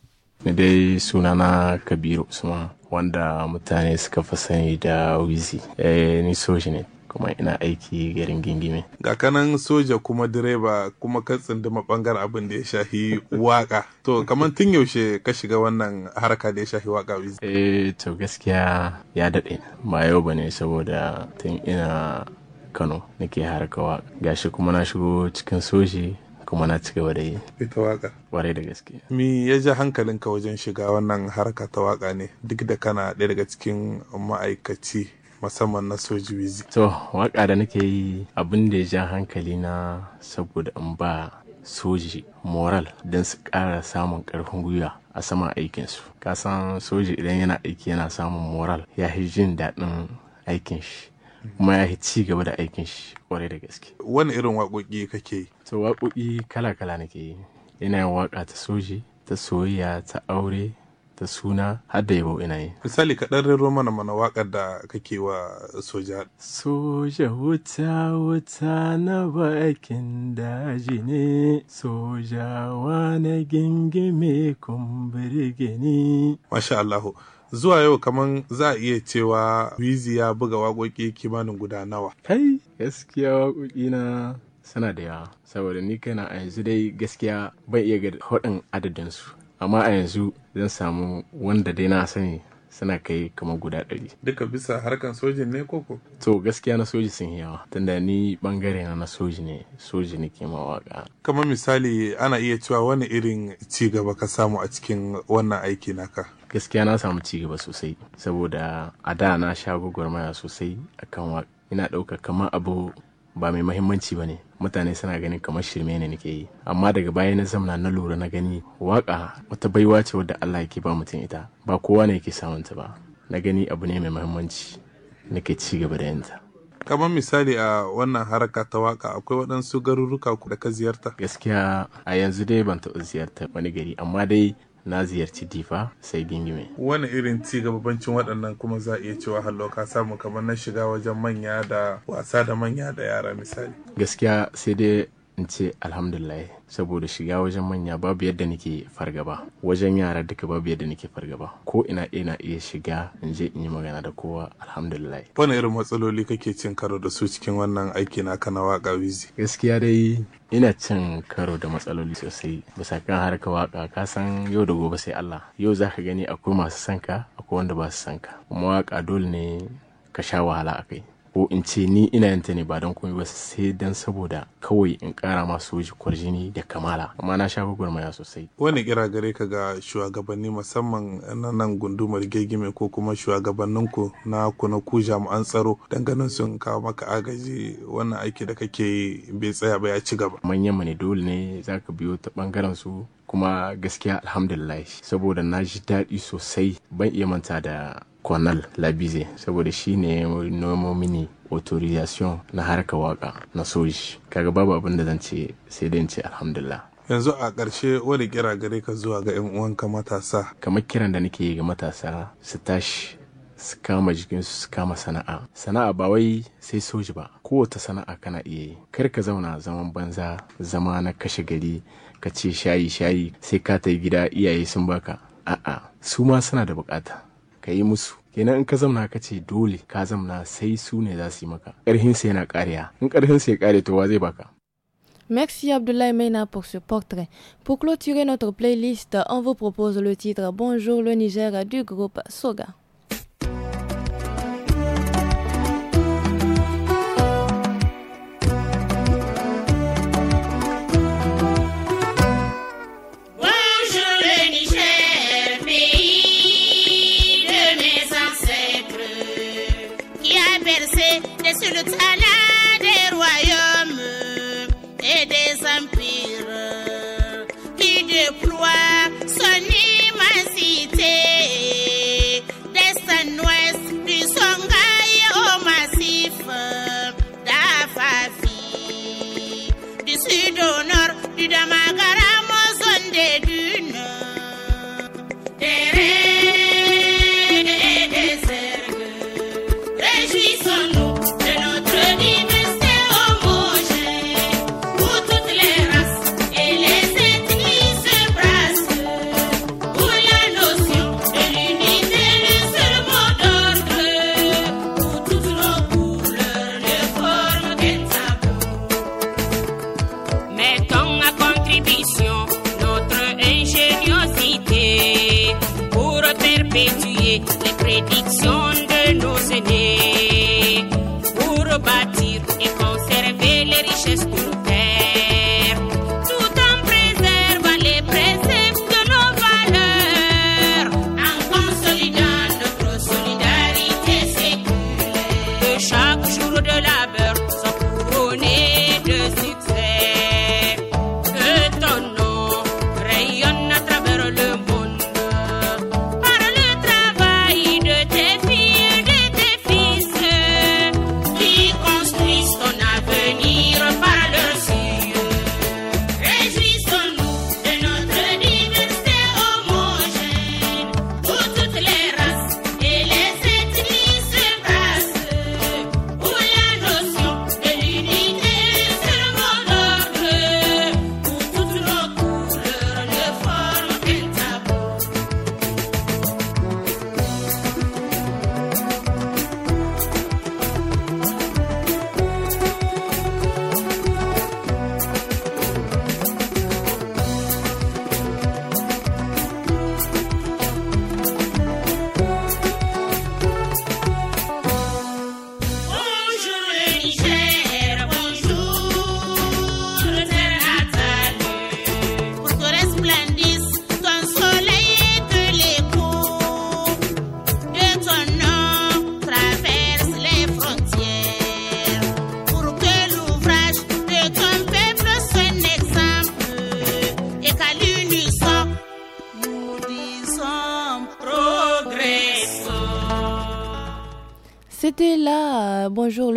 kuma ina aiki garin gingimi. ga kanan soja kuma direba kuma ka tsinduma bangar abin da ya shahi waka to kamar tun yaushe ka shiga wannan harka da ya shahi waka wiz eh to gaskiya ya daɗe Ma yau bane saboda tun ina kano nake harka waka gashi kuma na shigo cikin soji kuma na cigaba da yi. Ita waka. Warai da gaske. Mi ya ja hankalinka wajen shiga wannan harka ta waka ne duk da kana ɗaya daga cikin ma'aikaci musamman na soji wizi. To, waƙa da nake yi abin da ya ja hankali na saboda in ba soji moral don su ƙara samun ƙarfin gwiwa a saman aikinsu. Kasan soji idan yana aiki yana samun moral ya yi jin daɗin aikin shi. kuma ya yi ci gaba da aikin shi kwarai da gaske. Wani irin waƙoƙi kake yi? To waƙoƙi kala-kala nake yi. Ina yin waƙa ta soji, ta soyayya, ta aure, da suna har da yabo ina yi. Misali ka ɗan rero mana mana waƙar da kake wa soja. Soja wuta wuta na bakin daji ne, soja wa na gingime kumbiri gini. Masha Allahu. zuwa yau kamar za a iya cewa wizi ya buga waƙoƙi kimanin guda nawa. Kai gaskiya waƙoƙi na suna da yawa saboda ni kana a yanzu dai gaskiya ban iya ga hudun adadinsu. amma a yanzu zan samu wanda dai na sani suna kai kamar guda ɗari. Duka bisa harkan sojin ne koko? To gaskiya na soji sun yawa, tunda ni bangare na na soji ne, soji ne ke mawaka. Kamar misali ana iya cewa wani irin ci gaba ka samu a cikin wannan aiki naka? Gaskiya na samu ci gaba sosai, saboda a da na sha gwagwarmaya sosai akan wa Ina ɗauka kamar abu ba mai mahimmanci ba ne mutane suna ganin kamar shirme ne nake yi amma daga baya na zamana na lura na gani waka wata baiwa ce wadda Allah yake ba mutum ita ba kowa ne yake samun ta ba na gani abu ne mai mahimmanci nake ci gaba da yanta kamar misali a wannan haraka ta waka akwai waɗansu garuruka da ka ziyarta gaskiya a yanzu dai ban taɓa ziyarta wani gari amma dai na ziyarci difa sai gingime wani irin ci gababancin waɗannan kuma za a iya cewa hallo ka samu kamar na shiga wajen manya da wasa da manya da yara misali gaskiya sai dai in ce alhamdulillah saboda shiga wajen manya babu yadda nake fargaba wajen yara duka babu yadda nake fargaba ko ina ina iya shiga in je in yi magana da kowa alhamdulillah wani irin matsaloli kake cin karo da su cikin wannan aiki na na waka wizi gaskiya dai ina cin karo da matsaloli sosai bisa kan ka waka ka san yau da gobe sai Allah yau zaka gani akwai masu sanka akwai wanda ba su sanka kuma waka dole ne ka sha wahala akai ko in ce ni ina yanta ne ba don komai ba sai dan saboda kawai in kara masu wuce kwarjini da kamala amma na sha gwagwarmaya sosai wani kira gare ka ga shugabanni musamman na nan gundumar gegime ko kuma shugabanninku na kuna ku jami'an tsaro ganin sun kawo maka agaji wannan aiki da kake yi bai tsaya ba ya ci gaba manyan ne dole ne zaka biyo ta bangaren su kuma gaskiya alhamdulillah saboda na ji daɗi sosai ban iya manta da Cornell Labize saboda shi ne ya nomo na harka waka na soji kaga babu abin da zan ce sai dai ce alhamdulillah yanzu a ƙarshe wani kira gare ka zuwa ga 'yan uwanka matasa kamar kiran da nake yi ga matasa su tashi su kama jikinsu su kama sana'a sana'a ba wai sai soji ba kowace sana'a kana iya yi kar ka zauna zaman banza zama na kashe gari ka ce shayi shayi sai ka ta gida iyaye sun baka a'a su ma suna da bukata Merci Abdoulaye Mena pour ce portrait. Pour clôturer notre playlist, on vous propose le titre Bonjour le Niger du groupe Soga. le talent des royaumes et des hommes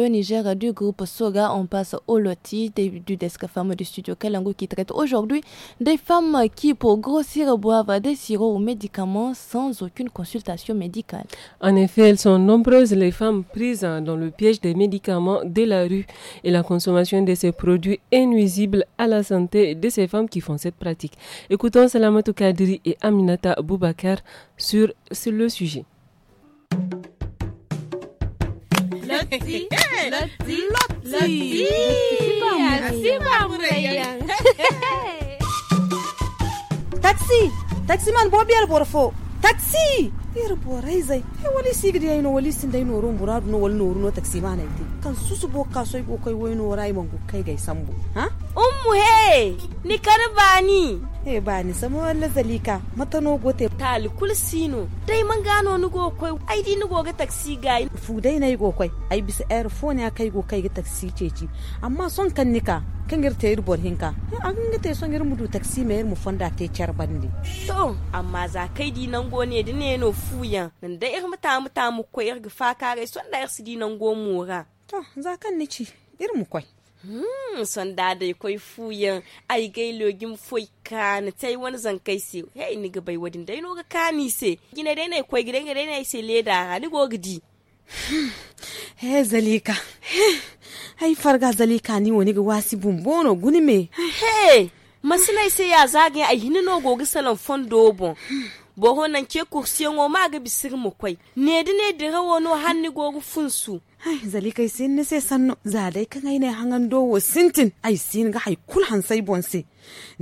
Niger du groupe Soga. On passe au loti du desk femme du studio Kalango qui traite aujourd'hui des femmes qui, pour grossir, boivent des sirops ou médicaments sans aucune consultation médicale. En effet, elles sont nombreuses les femmes prises dans le piège des médicaments de la rue et la consommation de ces produits est nuisible à la santé de ces femmes qui font cette pratique. Écoutons Salamatou Kadri et Aminata Boubakar sur, sur le sujet. Loti Loti Loti Loti Loti Taxi Taxi man bo biyal borfo Taxi Taxi ir borai zai ai wali sigri ai no wali sin dai no ron buradu no wal no runo taksi ma nai kan su su boka soi go kai wai no rai man go kai gai sambo ha ummu he ni kar bani he bani sama wala zalika mata no go te tal kul sino dai man gano ni go kai ai di ni go ga taksi gai fu dai nai go kai ai bisa air phone ya kai go kai ga taksi ceci amma son kan nika kan gir ta yirbor hinka a ga ta son yirmu mudu taxi mai yirmu da ta car bandi so amma za kai di nan go ne dine no fuya nan da ir muta muta mu ko ir fa kare son da ir su di nan go mura to za kan ni ci irmu kwai Hmm, son dadai koi fuyan ai gai login foi ta yi wani zan kai se hey ni ga bai wadin dai no ga kani se gina dai ne koi gidan ga dai yi se leda ni go gidi he zalika hai farga zalika ni wani ga wasi bumbono guni me he masinai sai ya zage a hini no gogi salon fondo bon boho nan ke kursiyan wo ma ga bisir mu kwai ne di ne di rawo no hannu gogi funsu ai zalika sai ne sai sanno za dai kan ai ne hangan dowo sintin ai sin ga hai kul han bonse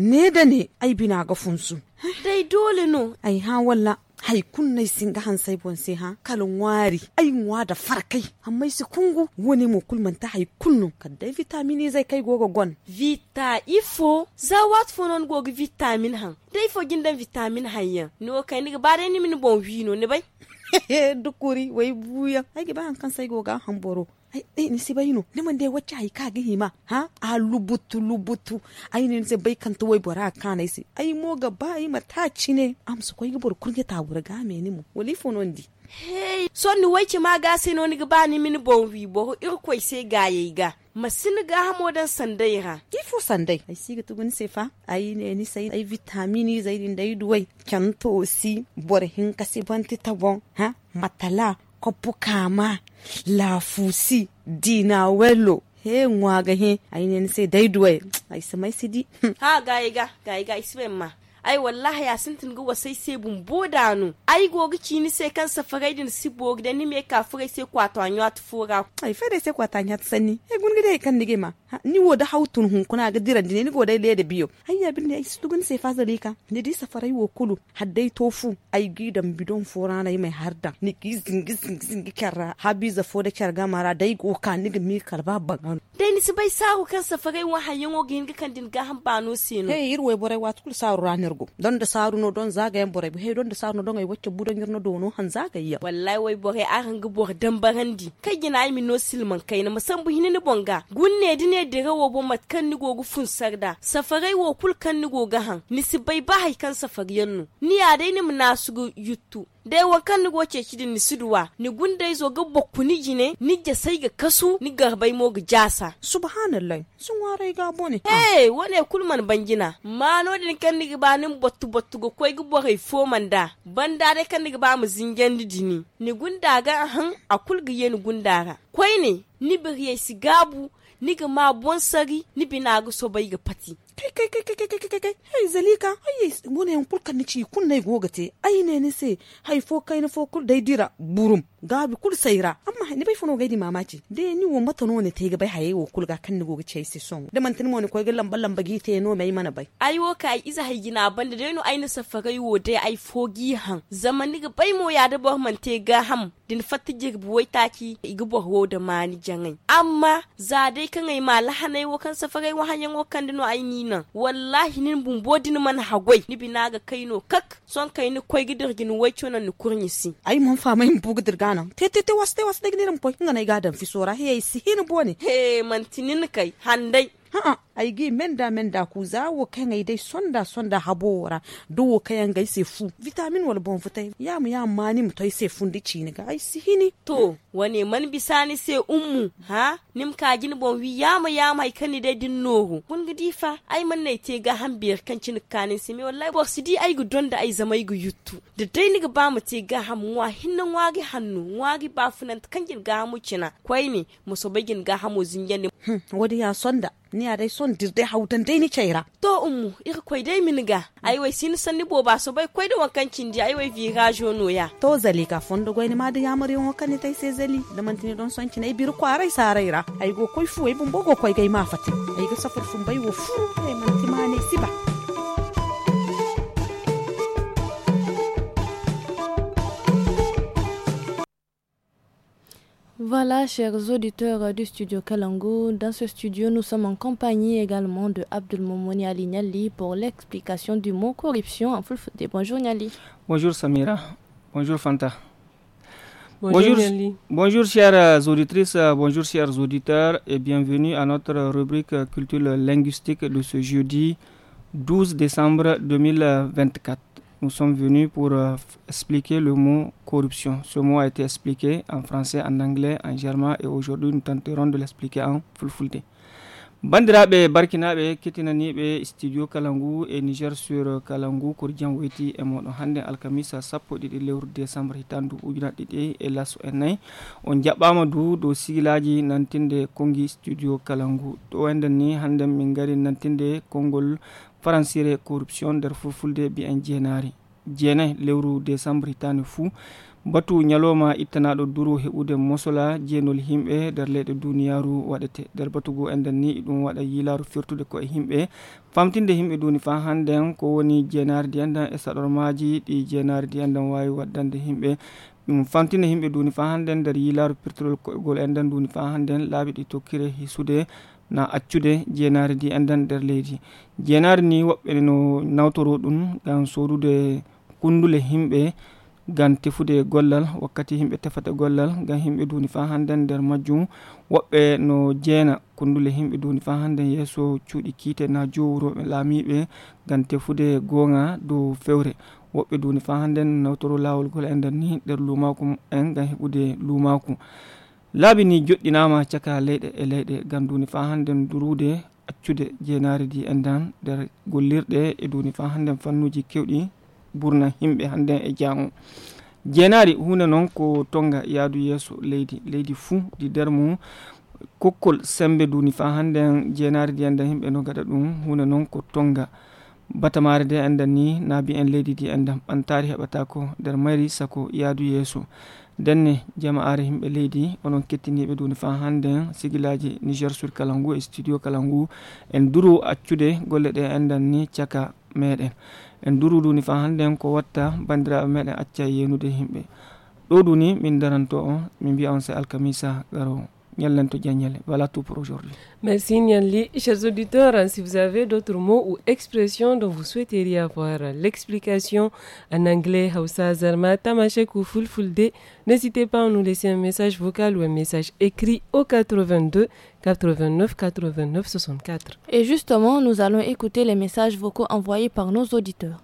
ne da ne ai bina ga funsu dai dole no ai ha walla haikun nai ga han sai bon sai ha kalun wari ai nwa da farkai amma su kungu wani mu kulmanta haikun no da vitamin e zai kai gogo gon vita ifo za wat fonon gogo vitamin han dai fo gindan vitamin han ya no kai ni ba dai ni min bon wino ne bai [LAUGHS] dukuri wai buya ai ba han kan sai goga han boro ai eh, ni sai bayino ni man dai wacce ai ka gihi ma ha a lubutu lubutu ai ni sai bai kan wai bora ka na sai ai mo ga ba ai ci ne am su koyi gibor kurge ta bura ga me ni mu wali fonon di hey so ni wai ma ga sai no ni ga ba ni min bon wi bo ir koi sai ga yayi ga masin ga hamo dan sandai ha ifo sandai ai siga tugun sefa ai ne ni sai ai vitamini zai din dai duwai kanto si bor hin kasi banti tabon ha matala kopukama lafusi dina welo he ngwaga he ainen se daiduwe ai se sidi ha gaiga gaiga isbe ma ai wallahi ya sintin ga wasai sai bumbo nu ai gogi kini sai kan safarai din si bog da ni me ka furai sai kwato an yatu fura ai fa dai sai kwato yatu sani ai gun gidai kan dige ma ni wo da hautun hun kuna ga diran ni go dai le da biyo ai ya bin ne ai su dugun sai fa zalika ni di safarai wo kulu haddai tofu ai gidan bidon fura na mai harda ni gizin gizin gizin kara habi za fo da kyar mara dai go ka ni ga mi karba bagan dai ni su bai sahu kan safarai wa hayan wo gin ga kan din ga han no sino hey irwe bore wa tukul sa ranir don da no don zagayen bore he don da no don ay wacce budon yirno dono han zagayya wallahi wai bore a hanga dan barandi kai gina ai min no silman kai na masan bu hinini bonga gunne dine de rawo bo matkan ni gogu fun sarda safarai wo kulkan ni goga han ni sibai ba kan safariyan nu ni ya dai ni mna sugu yuttu dai kan ni goce kidin ni siduwa ni gunda izo ga ni jine ni ja sai ga kasu ni ga bai mo ga jasa subhanallah sun warai ga bone eh wane kulman bangina ma no din kan ni ba nin bottu bottu go koi go bai fo manda banda dai kan ni ba mu zingen dini ni gunda ga han akul ga yen gunda ga koi ne ni bi sigabu ni ga ma bon sari ni na ga so bai ga pati kai kai kai kai kai kai kai hai zalika ai ngone on kulkan ni ci kun gogate ai ne ne se hai fo kai ne fo kul dai dira burum gabi kul sayra amma ne bai funo gaidi mamaci de ni wo mata no ne te ga bai haye wo kul ga kan ni go mo ne ko ga lamba lamba te no mai mana bai ai wo kai iza haigina banda de no ai na wo de ai fogi han zaman ni ga mo ya da bo man te ga ham din fatta jig bu wai taki igi wo de mani jangai amma za dai kan ai ma wo kan safaga wo wahanyan wo kan dino ai ni wallahi nin bumbo din man hagwai ni ga kaino kak son kai ni koi gidir gin wai chona ni kurnisi ai manan te te te wasu te wasu da gidan po hinga na iga dan fi sora he yi sihin boni he man tinin kai handai ha aigi menda menda za wo kangai dai sonda sonda habora do wo kayan gai se fu vitamin wal bon futai ya mu ya mani mu tai se fundi ni ga ai sihini to wane man bisani se ummu ha nim ka jin bon wi ya mu ya mai kani dai din nohu kun ga difa ai man nai te ga hambiyar kan cin kanin se wallahi bo sidi ai gu donda ai zamai gu yuttu da dai ni ga ba mu te ga hinnan gi hannu gi ba funan kan gin ga mu cina kwai ne mu so bagin ga hamu wadi ya sonda ni dai son dirde hautan dai ni chaira to ummu ir koy dai min ga ai wai sin san ni boba so bai koy da wankan kindi ai wai vira jono ya to zali ka fondo goy ni ma da yamar yon wankan ni tai sai zali da tini don son cinai bir kwarai saraira ai go koy fu ai bumbo go koy gai ma fati ai ga safur fun bai wo fu ai manti ma ne siba Voilà, chers auditeurs du studio Kalango. Dans ce studio, nous sommes en compagnie également de Abdelmoumouni Ali Niali pour l'explication du mot corruption en full Bonjour Niali. Bonjour Samira. Bonjour Fanta. Bonjour, bonjour, bonjour, chères euh, auditrices, euh, bonjour chers auditeurs et bienvenue à notre rubrique euh, culture linguistique de ce jeudi 12 décembre 2024 nous sommes venus pour euh, expliquer le mot corruption. Ce mot a été expliqué en français, en anglais, en germain et aujourd'hui nous tenterons de l'expliquer en fulfulde. bandiraɓe barkinaɓe kettinaniɓe studio kalangu et niger sur euh, kalangu kordian woyti e moɗon Hande alkamisa sappo ɗiɗi lewru décembre du ujunaɗe ɗiɗi e laso e nayyi on jaɓɓama du dow sigilaji nantinde kongi studio kalangu to enden ni hande min gari nantinde kongol faransire corruption nder fulfulde mbiyen jeenaari jeenayi lewru décembre hitaani fuu batu ñalowma ittanaaɗo duru heɓude mosola jeenol himɓe nder leyɗe duniyaaru waɗete nder batugo enden ni ɗum waɗa yilaaru firtude koye himɓe famtinde himɓe duni fa hannden ko woni jeenaardi enden e saɗormaaji ɗi jeenaardi enden waawi waddande himɓe famtinde himɓe duni fa hannden nder yilaaru pirtugol koyegol enden duni fa hannden laaɓi ɗi tokkire hisude na accude jenaare ndi andan nder leydi jenaare ni woɓɓe no nawtoro ɗum ngam sodude kundule himɓe ngam tefude gollal wakkati himɓe tefata gollal ngam himɓe duni fa hannden nder majjum woɓɓe no jeena kundule himɓe duni fa hannden yeeso cuuɗi kiite na jowuroɓe laamiɓe ngam tefude goonga dow fewre woɓɓe duni fa hannden nawtoro laawol gol enden ni nder lumaku en ngam heɓude lumaku laabi ni joɗɗinama caka leyɗe e leyɗe gam duni fa handen durude accude jeenari di endan nder gollirɗe e duni fa handen fannuji kewɗi burna himɓe handen e jaango jeenari hunde noon ko tonga yaadu yeeso leydi leydi fuu di nder mum kokkol sembe duni fa handen jeenari di endan himɓe no gaɗa ɗum hunde noon ko tonga batamare de endan ni naabi en leydi di endan ɓantari heɓata ko nder mayri sako yaadu yeeso danne jama'are himɓe leydi onon kettiniɓe duni fa hande sigilaji niger sur kalangu e studio kalangu en duro accude golle ɗe dan ni caka meɗen en duru ni fa hande ko watta bandiraɓe meɗen acca min on alkamisa voilà tout pour aujourd'hui. Merci Nyanli. Chers auditeurs, si vous avez d'autres mots ou expressions dont vous souhaiteriez avoir l'explication en anglais, Hausa, Zarma, n'hésitez pas à nous laisser un message vocal ou un message écrit au 82 89 89 64. Et justement, nous allons écouter les messages vocaux envoyés par nos auditeurs.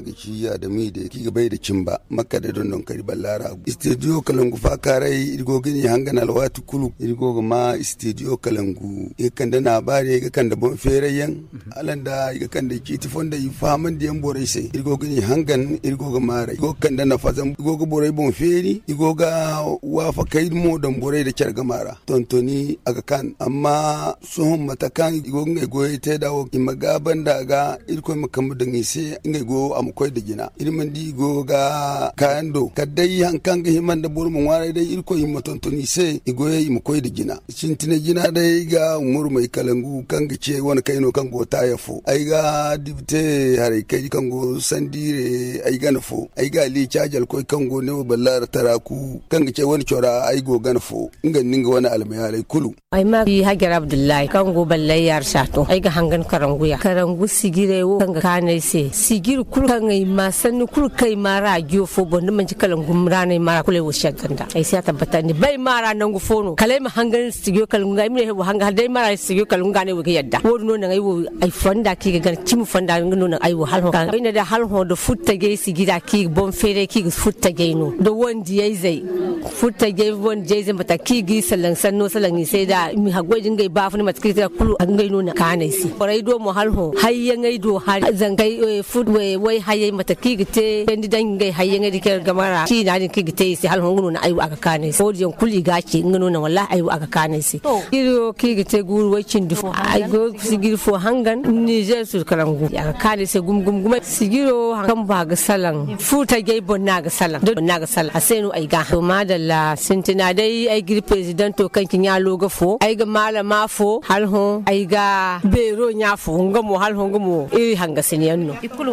na ga shi ya da mi da ki bai da cin ba makka da dondon kari ballara studio kalangu fa karai irgo gini hangana alwatu kulu irgo ma studio kalangu e kan da na bare ga kan da bon fere yan mhm. alan da e ga kan da ki tifon da yi faman da yan borai sai irgo gini hangan irgo ga mara irgo kan da na fazan irgo ga borai bon feri irgo ga wa fa kai mo don borai da kyar gamara tontoni aga kan amma sun matakan irgo ga goye ta dawo ki magaban da ga irko makamu da ni sai ngai go am mu koi da gina man di go ga kayan do kadai hankan ga himan da burmun warai dai irko himma tontoni sai yi mu koi da gina cintine gina dai ga umur mai kalangu kan ga ce wani kaino kan go ta yafo ai ga dibte hare kai kan go sandire ai ga nafo ai ga li chajal koi kan go ne ballar taraku kan ga ce wani chora ai go ga nafo ingan ninga wani almayalai kulu ai ma bi hagar abdullahi kan go ballayar sato ai ga hangan karanguya karangu sigire wo kan ga kane sai sigir kulu ngai ma sanni kur kai ma ra gyo fo bon man jikala ngum ra ne ma kule wo shaganda ai sai tabbata ni bai ma ra nan gufo no kale ma hangan sigyo kal ngai mi hebo hanga dai ma ra sigyo kal ngai ne wo yadda wo no nan ai wo ai fanda ki ga mu fanda no nan ai wo halho ho ai da halho da futta ge sigida ki bon fere ki futta ge no do wondi ai zai futta ge bon je zai mata ki gi salan sanno salan ni sai da mi hagwajin ga ba funi mata ki ta kulu an gai no na kanai si do mu halho hayyan ai do har zangai eh, food eh, way haye mata kigite ndi dangai haye ngadi ker gamara ti na din kigite si hal na ayu aka kane si odi yon kuli gachi, ngunu na walla ayu aka kane si oh. iro kigite guru wacin oh, dufo ay go sigir fo hangan niger sur kalangu aka kane si gum gum gum sigiro hangan ba ga salan futa gay bonna ga salan do na ga salan asenu ay ga to madalla sintina dai ay gir president to kanki ga fo ay ga malama fo hal hon ay ga bero nya fo ngamu hal hon ngamu iri hanga sinyanno ikulu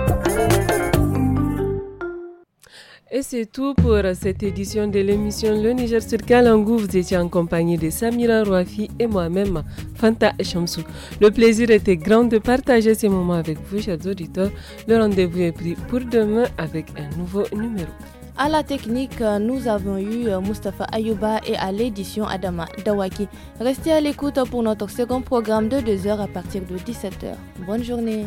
Et c'est tout pour cette édition de l'émission Le Niger sur Kalangou. Vous étiez en compagnie de Samira Rouafi et moi-même, Fanta Chamsou. Le plaisir était grand de partager ces moments avec vous, chers auditeurs. Le rendez-vous est pris pour demain avec un nouveau numéro. À la technique, nous avons eu Mustapha Ayouba et à l'édition Adama Dawaki. Restez à l'écoute pour notre second programme de 2h à partir de 17h. Bonne journée.